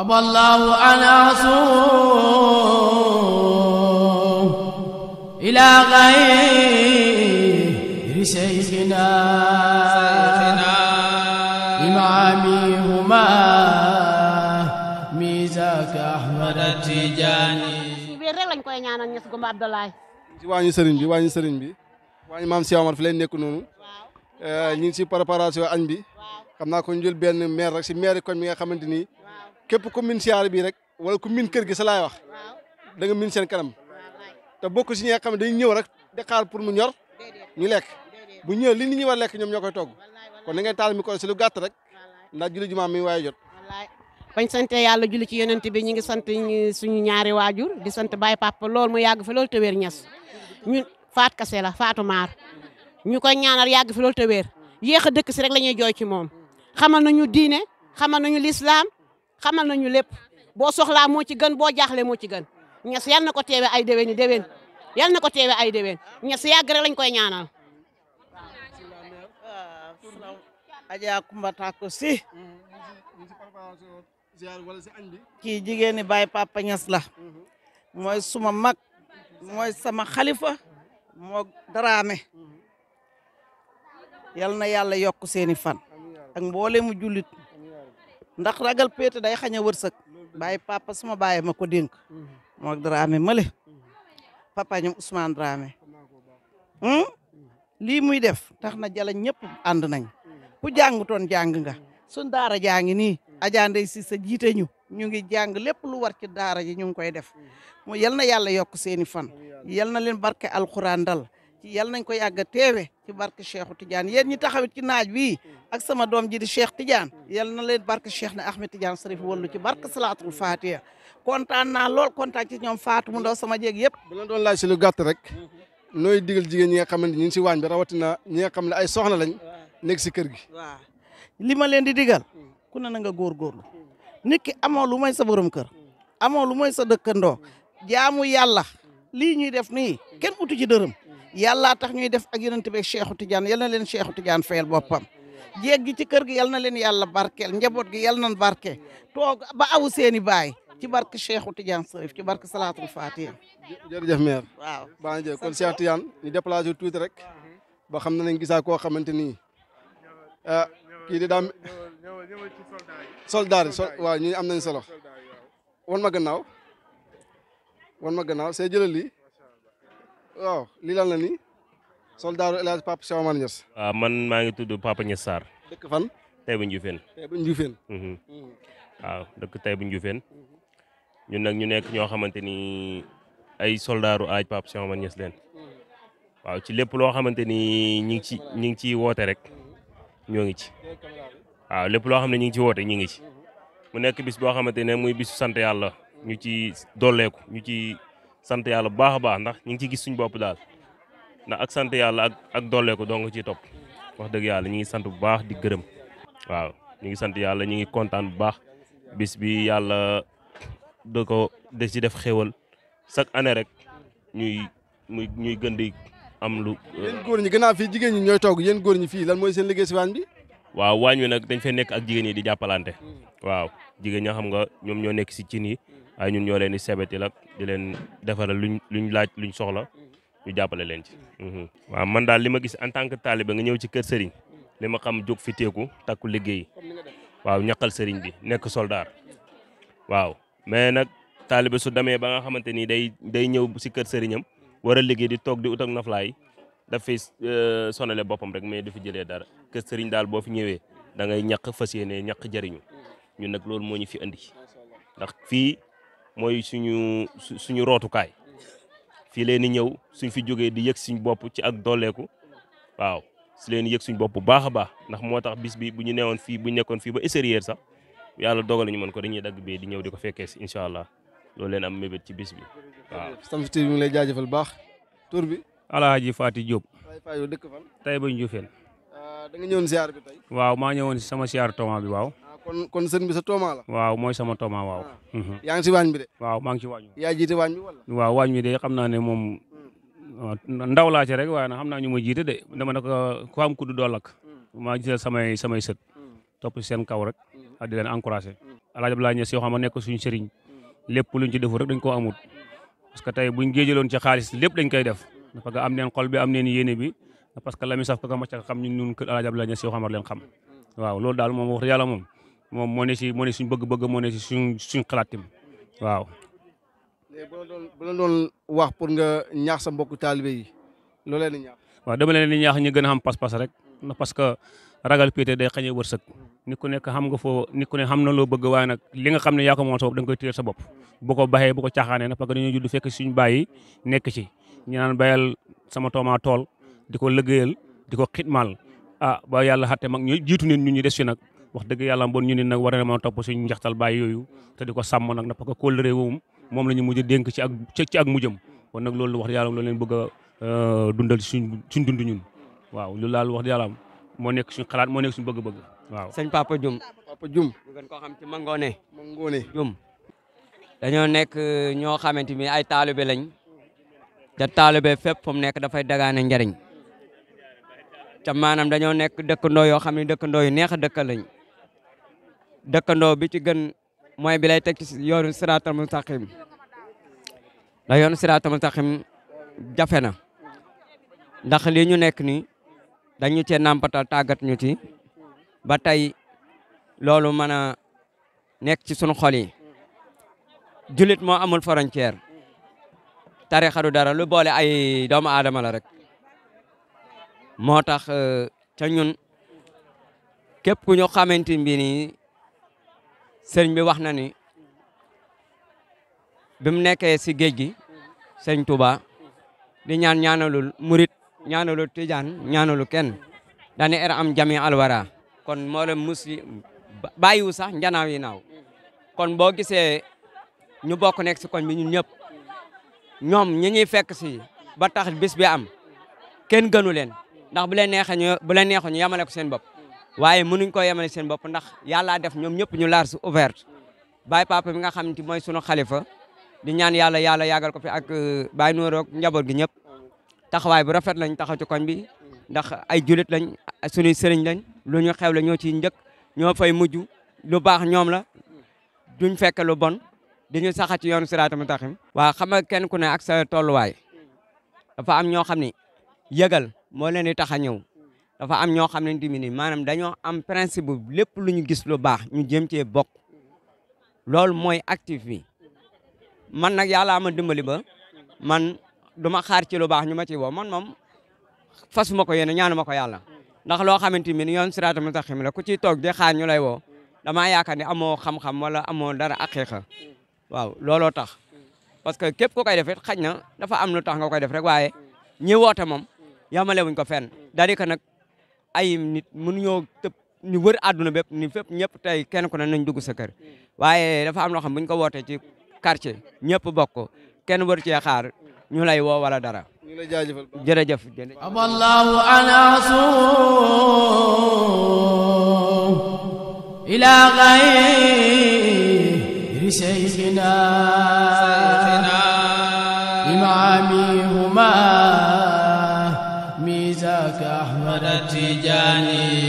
aballaahu anaasu ilaa xayri seyxina imaamihuma misaak Ahmad Tijaani wér rek lañ koy ñaanal ñes gumba Abdoulaye ci waañu sëriñ bi waañu sëriñ bi waañu maam si Amar fi lay nekk noonu eh, ñu ngi si préparation añ bi xam naa ko ñu jël benn maire rek si maire koñ bi nga xamante ni képp ku min siyaare bi rek wala ku min kër gi sa laay wax da nga min seen kanam te bokk si ñi nga xam ne dañuy ñëw pour mu ñor ñu lekk bu ñëwee li nit ñi war lekk ñoom ñoo koy togg kon da ngay taal mi ko si lu gàtt rek ndax julli jumaa mi waaye jot bañ sante yàlla julli ci yonent bi ñu ngi sant suñu ñaari waajur di sant Baye Papa lool mu yàgg fi te wér faat kase la faatu maar ñu koy ñaanal yàgg fi loolu te yéex a dëkk si rek la ñuy jooy ci moom xamal nañu diine xamal nañu lislaam xamal nañu lépp boo soxlaa moo ci gën boo jaaxlee moo ci gën ñes yal na ko teewe ay déwéni déwén yal na ko teewe ay déwén ñes yàgg rek lañ koy ñaanal. Adja Kumba si kii jigéen ñi Papa Niass la mooy suma mag mooy sama xalifa moo daraame yal na yàlla yokk seeni fan ak mboole mu jullit ndax ragal péete day xañ a wërsëg bàyyi papa suma bàyyi ma ko dénk moog Dramé male papa ñoom Ousmane hmm? lii muy def tax na jalañ ñëpp ànd nañ ku jàngutoon jàng nga suñ daara jaa ngi nii Adja Ndeye Cissé jiite ñu ngi jàng lépp lu war ci daara ji ñu ngi koy def mu yal na yàlla yokk seeni fan yal na leen barke alxuraan dal ci yal nañ ko yàgg a teewe ci barke Cheikhu Tidiane yéen ñi taxawit ci naaj wi ak sama doom ji di Cheikh tijaan yal na leen barke Cheikh na Ahmed Tidiane Sarif wallu ci barke salaatul fatiha kontaan naa lool kontaan ci ñoom Fatou mu ndaw sama jéeg yëpp bu la doon laaj si lu gàtt rek nooy digal jigéen ñi nga xamante ñu ngi si waañ bi rawatina ñi nga xam ne ay soxna lañ nekk si kër gi waaw li ma leen di digal ku ne na nga góorgóorlu nit ki amoo lu mooy sa borom kër amoo lu mooy sa dëkkandoo jaamu yàlla lii ñuy def nii kenn utu ci dërëm yàllaa tax ñuy def ak yonent bi ak Cheikhu Tidiane leen Cheikhu Tidiane fayal boppam jeeg gi ci kër gi yal na leen yàlla barkeel njaboot gi yal nan barke toog ba awu seeni baay ci barke Cheikhu Tidiane Serif ci barke Salatul Fatiha. jërëjëf maire. waaw baa ngi kon Cheikh Tidiane ñu déplacé tuuti rek ba xam nañ gisaa koo xamante ni ah kii di daam. soldat yi soldat yi ñu am nañ solo wan ma gannaaw. wan ma gannaaw see jëlal lii waaw lii lan la soldaaru El Hadj Papa Cheikh Omar waaw ah, man maa ngi tudd Papa Niass Sarr dëkk fan Taïba Ndioufène Taïba Ndioufène mhm. Mhm. waaw dëkk Taïba Ndioufène mhm. ñun nag ñu nekk ñoo xamante ni ay soldaaru El Hadj Papa Cheikh Omar leen waaw ci lépp loo xamante ni ñu ngi ci ñu ngi ciy woote rek ñoo ngi ci waaw lépp loo xam ne ñu ngi ci woote ñu ngi ci mu nekk bis boo xamante ne muy bis sant yàlla ñu ci dolleeku ñu ci sant yàlla bu baax a baax ndax ñu ngi ciy gis suñu bopp daal ndax ak sant yàlla ak ak dolleeku dong ciy topp wax dëgg yàlla ñu ngi sant bu baax di gërëm waaw ñu ngi sant yàlla ñu ngi kontaan bu baax bis bi yàlla da ko da ci def xéwal chaque année rek ñuy muy ñuy gën di am lu. Euh, yéen góor ñi gannaaw fii jigéen ñi ñooy togg yéen góor ñi fii lan mooy seen liggéey si waañ bi. waaw waañ wi nag dañ fay nekk ak jigéen ñi di jàppalante. Hmm. waaw jigéen ña xam nga ñoom ñoo nekk si cin yi ay ñun ñoo leen di sebetil ak di leen defaral luñ luñ laaj luñ soxla ñu jàppale leen ci. Mhm. waaw man daal li ma gis en tant que taalibe nga ñëw ci kër sëriñ li ma xam jóg fi teeku takku liggéey waaw ñaqal sëriñ bi nekk soldaar waaw mais nag taalibe su demee ba nga xamante ni day day ñëw si kër sëriñam wara liggéey di toog di utam ak naflaay daf fi euh, sonale boppam rek mais du fi jëlee dara kër sëriñ daal boo fi ñëwee da ngay ñaq fas yéenee ñaq jëriñu ñun nag loolu moo ñu fi andi ndax mooy suñu suñu rootukaay fii leen di ñëw suñ fi jógee di yëg suñ bopp ci ak dooleeku waaw si leen yëg suñ bopp bu baax a baax ndax moo tax bis bi bu ñu newoon fii bu nekkoon fii ba extérieur sax yàlla dogal ñu mën ko dañuy dagg bee di ñëw di ko fekkee si incha allah loolu leen am mébét ci bis bi waaw. Shamsu TV mi ngi baax tur bi. Alaaji Faati Diop. Faati Diop dëkk fan. Taïba Ndioufène. Ah, da nga ñëwoon ziar bi waaw maa ñëwoon si sama ziar Toma bi waaw. kon kon sëñ bi sa tooma la. waaw mooy sama tooma waaw. Ah. Mhm. yaa ngi si waañ bi de. waaw maa ngi si waañ bi. yaa jiite waañ bi wala. waaw waañ bi de xam naa ne moom hmm. ndaw laa ci rek waaye nag xam naa ñu ma jiite de dama ne ko ku am kudd dool ak. Hmm. maa gisal samay samay sët. Hmm. topp si seen kaw rek. ak di leen encouragé. El Hadj Abdoulaye Niass yoo xam ne nekk suñu sëriñ lépp luñ ci defu rek dañ koo amut parce que tey buñ géejaloon ci xaalis lépp dañ koy def dafa nga am neen xol bi am neen yéene bi parce que la mi saf ko ka macca xam ñun ñun kër El Hadj Abdoulaye Niass yoo xam leen xam waaw loolu daal moom wax yàlla moom moom moo ne si moo ne suñ bëgg-bëgg moo ne si suñ suñ waaw. la la doon wax pour nga ñaax sa mbokku taalibe yi loo leen di ñaax. waaw dama leen di ñaax ñu gën a xam pas-pas rek parce que ragal piite day xañee wërsëg nit nekk xam na loo bëgg waaye nag li nga xam ne yaa sa bopp da nga koy téyeel sa bopp bu ko baxee bu ko caaxaanee nag parce que dañoo fekk suñu bàyyi nekk ci ñu ba bayal sama tooma tool di ko lëggéeyal di ko xitmaal a ah, ba yàlla xatte mag ñu jiitu ñu ñu des fi nag wax dëgg yàlla bon ñu ne nag war na mën a topp suñu njaxtal bàyyi yooyu te di ko sàmm nag na parce que kóllëre moom la ñu mujj dénk ci ak ci ak mujjam kon nag loolu wax yàlla loolu euh, dundal suñ suñ dund ñun waaw loolu daal wax yàlla moo nekk suñu xalaat moo nekk suñu bëgg-bëgg waaw. sëñ Papa Dioum Papa Dioum ñu gën koo xam ci Mangone. Mangone Dioum. dañoo nekk euh, ñoo xamante ni ay taalibe lañ te taalibe fépp fu mu nekk dafay dagaane njariñ te maanaam dañoo nekk dëkkandoo yoo xam ne dëkkandoo yu neex a dëkk lañ dëkkandoo bi ci gën mooy bi lay teg ci yoonu siraatal mustaqim ndax yoonu siraatal mustaqim jafe na ndax lii ñu nekk nii dañu cee nàmpatal tàggat ñu ci ba tey loolu mën a nekk ci sunu xol yi julit moo amul frontière tarixa du dara lu boole ay doomu aadama la rek moo tax euh, ca ñun képp ku ñu xamante mbi nii sëriñ bi wax na ni bi mu nekkee si géej gi sëriñ Touba di ñaan ñaanalul murit ñaanalul tijaan ñaanalu kenn dani er am jami alwara kon moo la muslim sax njanaaw yi naaw kon boo gisee ñu bokk nekk si koñ bi ñun ñëpp ñoom ñu ñuy fekk si ba tax bis bi am kenn gënu leen ndax bu leen neexee ñu bu leen ñu yamale ko seen bopp waaye mënuñ ko yemale seen bopp ndax yàllaa def ñoom ñëpp ñu large ouverte baay papa mi nga xam mooy sunu xalifa di ñaan yàlla yàlla yàggal ko fi ak euh, baay nooroog njaboot gi ñëpp taxawaay bu rafet lañ taxaw ci koñ bi ndax ay julit lañ sunuy sëriñ lañ lu ñu xew la ñoo ciy njëkk ñoo fay mujj lu baax ñoom la duñ fekk lu bon dañu saxa ci yoonu siraata mutaxim waaw xam nga kenn ku ne ak sa tolluwaay dafa am ñoo xam ni yëgal moo leen di tax a ñëw dafa am ñoo xamante ne nii maanaam dañoo am principe bu lépp lu ñu gis lu baax ñu jëm cee bokk loolu mooy active bi man nag yàllaa ma dimbali ba man duma ma xaar ci lu baax ñu ma ci woo man moom fasuma ko yéene ñaanu ma ko yàlla ndax loo xamante ni yoon siraata mustaqim la ku ciy toog di xaar ñu lay woo damaa yaakaar ne amoo xam-xam wala amoo dara aqiqa waaw looloo tax parce que képp ku koy def it na dafa am lu tax nga koy def rek waaye ñi woote moom yamalewuñ ay nit mënuñoo tëb ñu wër àdduna bépp ni fépp ñëpp tey kenn ku ne nañ dugg sa kër waaye dafa am loo xam ko wootee ci quartier ñëpp bokk ko kenn wër ci xaar ñu lay woo wala dara. ñu lay jaajëfal jërëjëf. aballahu anasu ila gayri seyxina ثاني